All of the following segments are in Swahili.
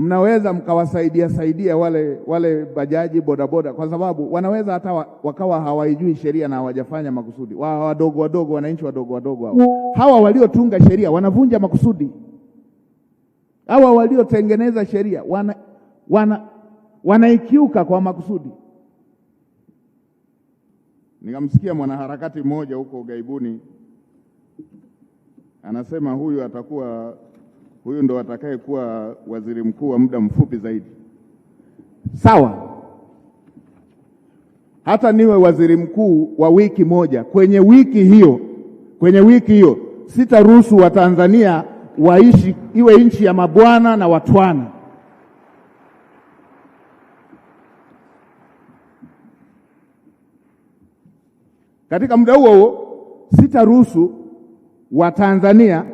mnaweza mkawasaidia saidia wale, wale bajaji bodaboda, kwa sababu wanaweza hata wakawa hawaijui sheria na hawajafanya makusudi. Wa wadogo wadogo, wananchi wadogo wadogo hawa hawa waliotunga sheria wanavunja makusudi. Hawa waliotengeneza sheria wana, wana, wanaikiuka kwa makusudi. Nikamsikia mwanaharakati mmoja huko ugaibuni anasema huyu atakuwa huyu ndo atakayekuwa waziri mkuu wa muda mfupi zaidi. Sawa, hata niwe waziri mkuu wa wiki moja, kwenye wiki hiyo, kwenye wiki hiyo sitaruhusu Watanzania waishi iwe nchi ya mabwana na watwana. Katika muda huo huo sitaruhusu Watanzania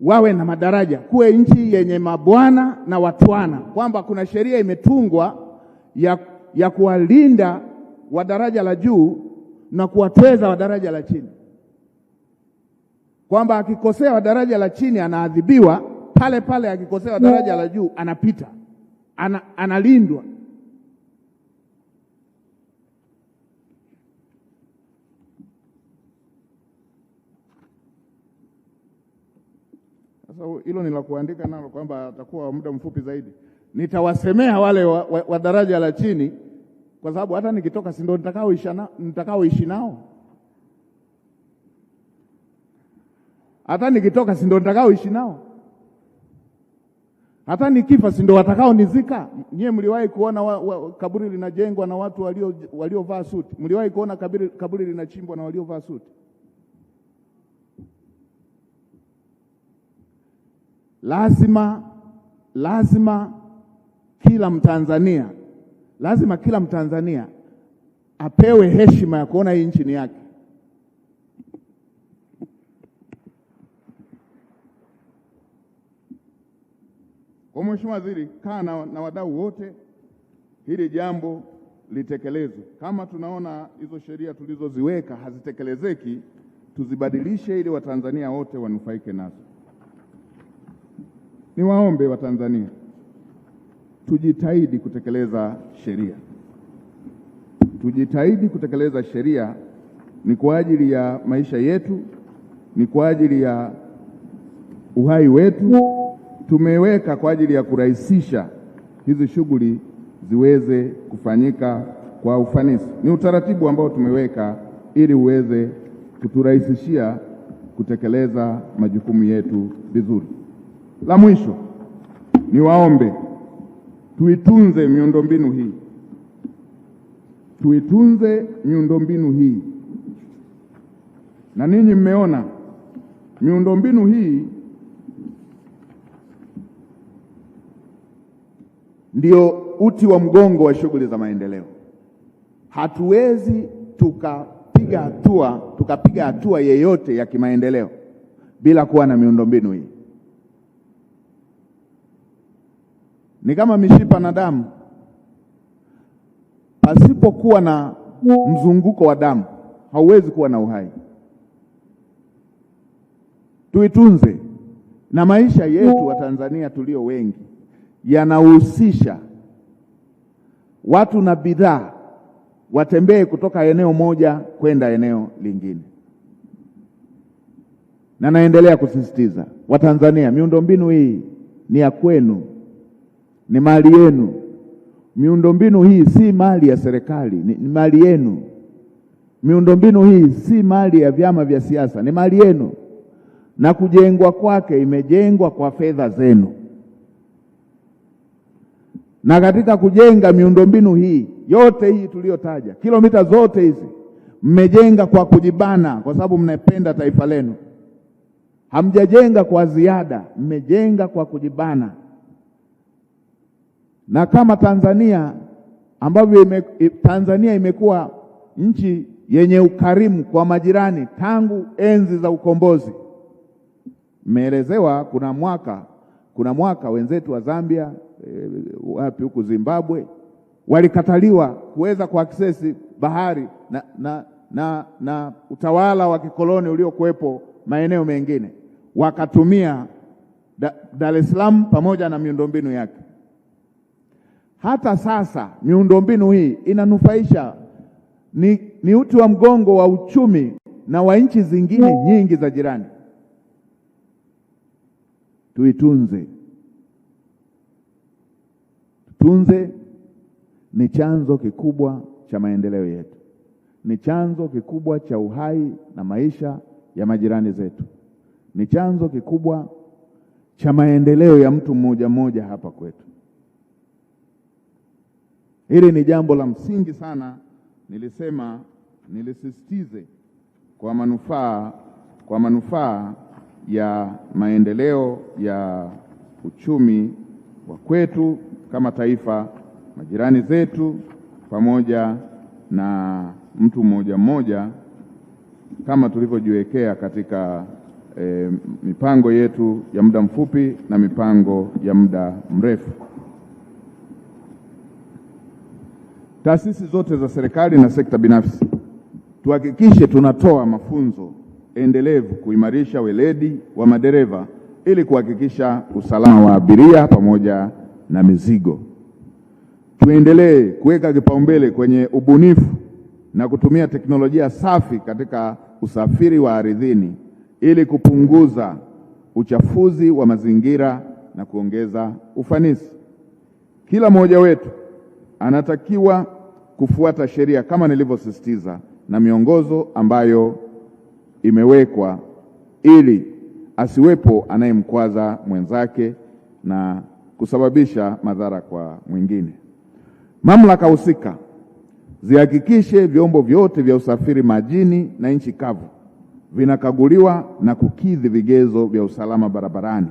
wawe na madaraja, kuwe nchi yenye mabwana na watwana, kwamba kuna sheria imetungwa ya, ya kuwalinda wa daraja la juu na kuwatweza wa daraja la chini, kwamba akikosea wa daraja la chini anaadhibiwa pale pale, akikosea wa daraja la juu anapita ana, analindwa. Sasa hilo ni la kuandika nalo kwamba atakuwa muda mfupi zaidi. Nitawasemea wale wa, wa, wa daraja la chini, kwa sababu hata nikitoka si ndo nitakaoishi nao, hata nikitoka si ndo nitakaoishi nao, hata nikifa si ndio watakaonizika. Nyie mliwahi kuona wa, wa, kaburi linajengwa na watu waliovaa walio suti? Mliwahi kuona kaburi, kaburi linachimbwa na waliovaa suti? lazima lazima kila Mtanzania lazima kila Mtanzania apewe heshima ya kuona hii nchi ni yake. Kwa Mheshimiwa Waziri, kaa na, na wadau wote hili jambo litekelezwe. Kama tunaona hizo sheria tulizoziweka hazitekelezeki, tuzibadilishe ili Watanzania wote wanufaike nazo. Niwaombe Watanzania tujitahidi kutekeleza sheria, tujitahidi kutekeleza sheria. Ni kwa ajili ya maisha yetu, ni kwa ajili ya uhai wetu. Tumeweka kwa ajili ya kurahisisha hizi shughuli ziweze kufanyika kwa ufanisi. Ni utaratibu ambao tumeweka ili uweze kuturahisishia kutekeleza majukumu yetu vizuri. La mwisho niwaombe tuitunze miundombinu hii, tuitunze miundombinu hii, na ninyi mmeona miundombinu hii ndio uti wa mgongo wa shughuli za maendeleo. Hatuwezi tukapiga hatua tukapiga hatua yeyote ya kimaendeleo bila kuwa na miundombinu hii. ni kama mishipa na damu. Pasipokuwa na mzunguko wa damu hauwezi kuwa na uhai. Tuitunze na maisha yetu wa Tanzania tulio wengi yanahusisha watu na bidhaa watembee kutoka eneo moja kwenda eneo lingine, na naendelea kusisitiza Watanzania, miundombinu hii ni ya kwenu ni mali yenu. Miundombinu hii si mali ya serikali, ni, ni mali yenu. Miundombinu hii si mali ya vyama vya siasa, ni mali yenu, na kujengwa kwake imejengwa kwa fedha zenu. Na katika kujenga miundombinu hii yote hii tuliyotaja, kilomita zote hizi mmejenga kwa kujibana, kwa sababu mnapenda taifa lenu. Hamjajenga kwa ziada, mmejenga kwa kujibana na kama Tanzania ambavyo ime, Tanzania imekuwa nchi yenye ukarimu kwa majirani tangu enzi za ukombozi. Mmeelezewa kuna mwaka kuna mwaka wenzetu wa Zambia e, wapi huku Zimbabwe walikataliwa kuweza kuaksesi bahari na, na, na, na utawala wa kikoloni uliokuwepo maeneo mengine, wakatumia Dar es Salaam pamoja na miundombinu yake. Hata sasa miundombinu hii inanufaisha ni, ni uti wa mgongo wa uchumi na wa nchi zingine nyingi za jirani. Tuitunze, tutunze. Ni chanzo kikubwa cha maendeleo yetu, ni chanzo kikubwa cha uhai na maisha ya majirani zetu, ni chanzo kikubwa cha maendeleo ya mtu mmoja mmoja hapa kwetu. Hili ni jambo la msingi sana, nilisema nilisisitize kwa manufaa kwa manufaa ya maendeleo ya uchumi wa kwetu kama taifa, majirani zetu, pamoja na mtu mmoja mmoja, kama tulivyojiwekea katika e, mipango yetu ya muda mfupi na mipango ya muda mrefu. Taasisi zote za serikali na sekta binafsi tuhakikishe tunatoa mafunzo endelevu kuimarisha weledi wa madereva ili kuhakikisha usalama wa abiria pamoja na mizigo. Tuendelee kuweka kipaumbele kwenye ubunifu na kutumia teknolojia safi katika usafiri wa ardhini ili kupunguza uchafuzi wa mazingira na kuongeza ufanisi. Kila mmoja wetu anatakiwa kufuata sheria kama nilivyosisitiza na miongozo ambayo imewekwa ili asiwepo anayemkwaza mwenzake na kusababisha madhara kwa mwingine. Mamlaka husika zihakikishe vyombo vyote vya usafiri majini na nchi kavu vinakaguliwa na kukidhi vigezo vya usalama barabarani.